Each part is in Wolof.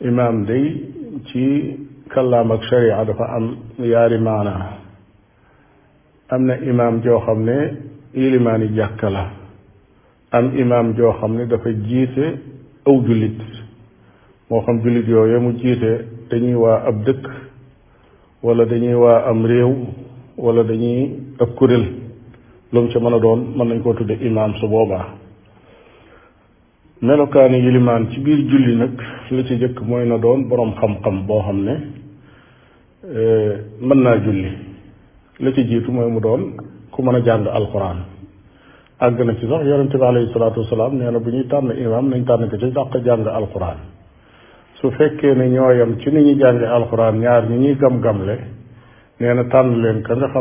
imaam day ci kàllaam ak sharia dafa am yaari maana am na imaam joo xam ne ilimaani jàkka la am imaam joo xam ne dafa jiite aw jullit moo xam jullit yooyu mu jiite dañuy waa ab dëkk wala dañuy waa am réew wala dañuy ab kuréel lu mu ca mën a doon mën nañ koo tudde imaam su boobaa melokaani yilimaan ci biir julli nag la ci jëkk mooy na doon boroom xam-xam boo xam ne e, mën naa julli la ci jiitu mooy mu doon ku mën a jàng alxuraan àgg na ci sax yonente bi alayhi salaatu wasalaam nee na bu ñuy tànn imaam nañ tànn ko ci dàq jàng alxuraan su fekkee ci ni ñuy jànge alxuraan ñaar ñi ñuy gam nee na tànn leen ka nga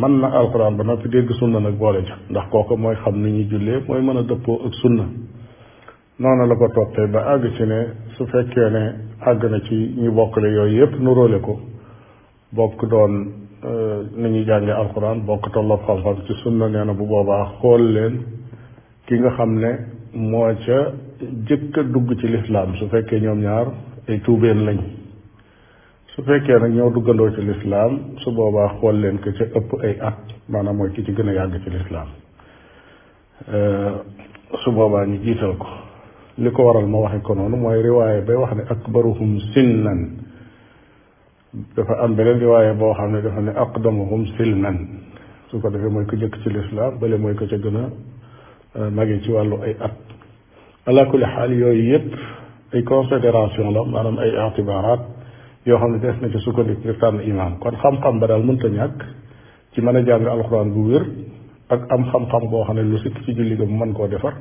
mën na alxuraan ba noppi dégg sunna nag boole ja ndax kooku mooy xam ni ñuy jullee mooy mën a dëppoo ak sunna noonu la ko toppee ba àgg ci ne su fekkee ne àgg na ci ñu bokkale yooyu yépp nu ko bokk doon eh, ni ñuy jànge alxuraan bokk tolloo xam-xam ci sunna nee na bu boobaa xool leen ki nga xam ne moo ca jëkk dugg ci lislaam su fekkee ñoom ñaar ay lañ su fekkee nag ñoo duggandoo ci lislaam su boobaa xool leen ko ca ëpp ay at maanaam mooy ki ci gën a yàgg ci lislaam eh, su boobaa ñu jiital ko li ko waral ma waxe ko noonu mooy riwaaye bay wax ne akbaruhum sinnan dafa am beneen riwaaye boo xam ne dafa ne aqdamuhum silman su ko defee mooy ko jëkk ci lislaam bale mooy ko ca gën a mage ci wàllu ay at ala kulli xaal yooyu yépp ay considération la maanaam ay itibaaraat yoo xam ne des na ci sukkandik ngir tànn imaam kon xam-xam ba daal mënta ñàkk ci mën a jàng alxuraan bu wér ak am xam-xam boo xam ne lu sikk ci julli ga mu mën koo defar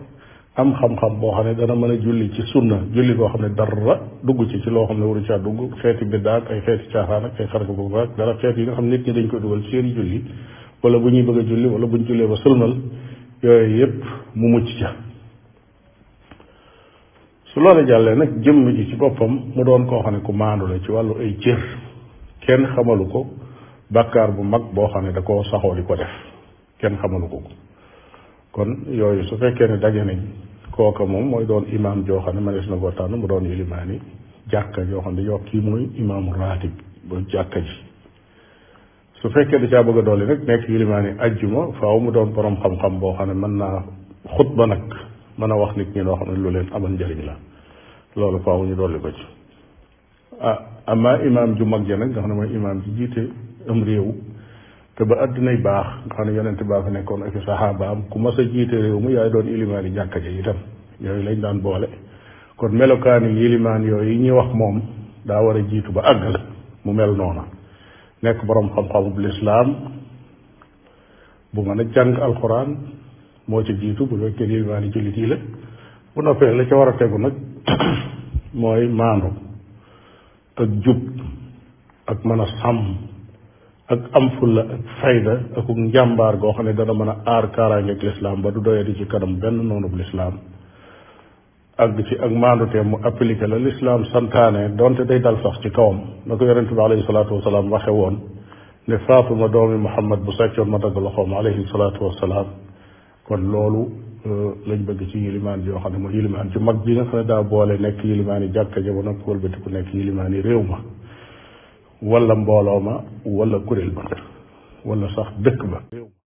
am xam-xam boo xam ne dana mën a julli ci sunna julli boo xam ne dara dugg ci ci loo xam ne waru caa dugg xeeti bidda ak ay xeeti caaxaan ak ay xaraka bu ak dara xeet yi nga xam nit ñi dañ koy dugal ci seen julli wala bu ñuy bëgg a julli wala buñ ñu jullee ba sëlmal yooyu yépp mu mucc ca su loolu jàllee nag jëmm ji ci boppam mu doon koo xam ne ku maandu la ci wàllu ay cër kenn xamalu ko bàkkaar bu mag boo xam ne da koo saxoo di ko def kenn xamalu ko kon yooyu su fekkee ne daje nañ kooka moom mooy doon imaam joo xam ne ma manees na koo tànn mu doon ilimaani jàkka joo xam ne yokk kii mooy imaamu raatib ba jàkka ji su fekkee da caa bëgg a dolli nag nekk ilimaani ajjuma faaw mu doon borom xam-xam boo xam ne mën naa xutba nag mën a wax nit ñi loo xam ne lu leen amal njëriñ la loolu faaw ñu dolli ko ci ah amaa imaam ju mag ja nag nga xam mooy imaam ji jiite am réew te ba addunay bax xana xam ne yonent baa fa nekkon ak sahaba am ku massa jite rew mu yaay doon ilimani jàkka itam yoy lañ daan boole kon melokan melokaani ilimaan yooyu ñi wax mom da wara jitu ba agal mu mel nona nek borom xam xam bu lislaam bu mën jàng alquran mo ci jitu bu fekkee ilimaani jullit yi la bu noppee la ci wara teggu nak moy mooy ak jup ak mën sam ak am fulla ak fayda ak njàmbaar goo xam ne dana mën a aar kaaraangeeg lislaam ba du doyee di ci kanam benn noonub lislaam àgg ci ak maanduteem mu appliqué la lislaam santaane donte day dal sax ci kawam na ko yonente bi alayhi salaatu wasalaam waxe woon ne Faatuma doomi Muhammad bu sàccoon ma dagg loxoom alayhi salaatu kon loolu euh, lañ bëgg ci yilimaan yoo xam ne mooy yilimaan ci mag bi nga xam ne daa boole nekk yilimaan yi jàkka ja ba noppi ma wala mbooloo ma wala kuréel ba wala sax dëkk ba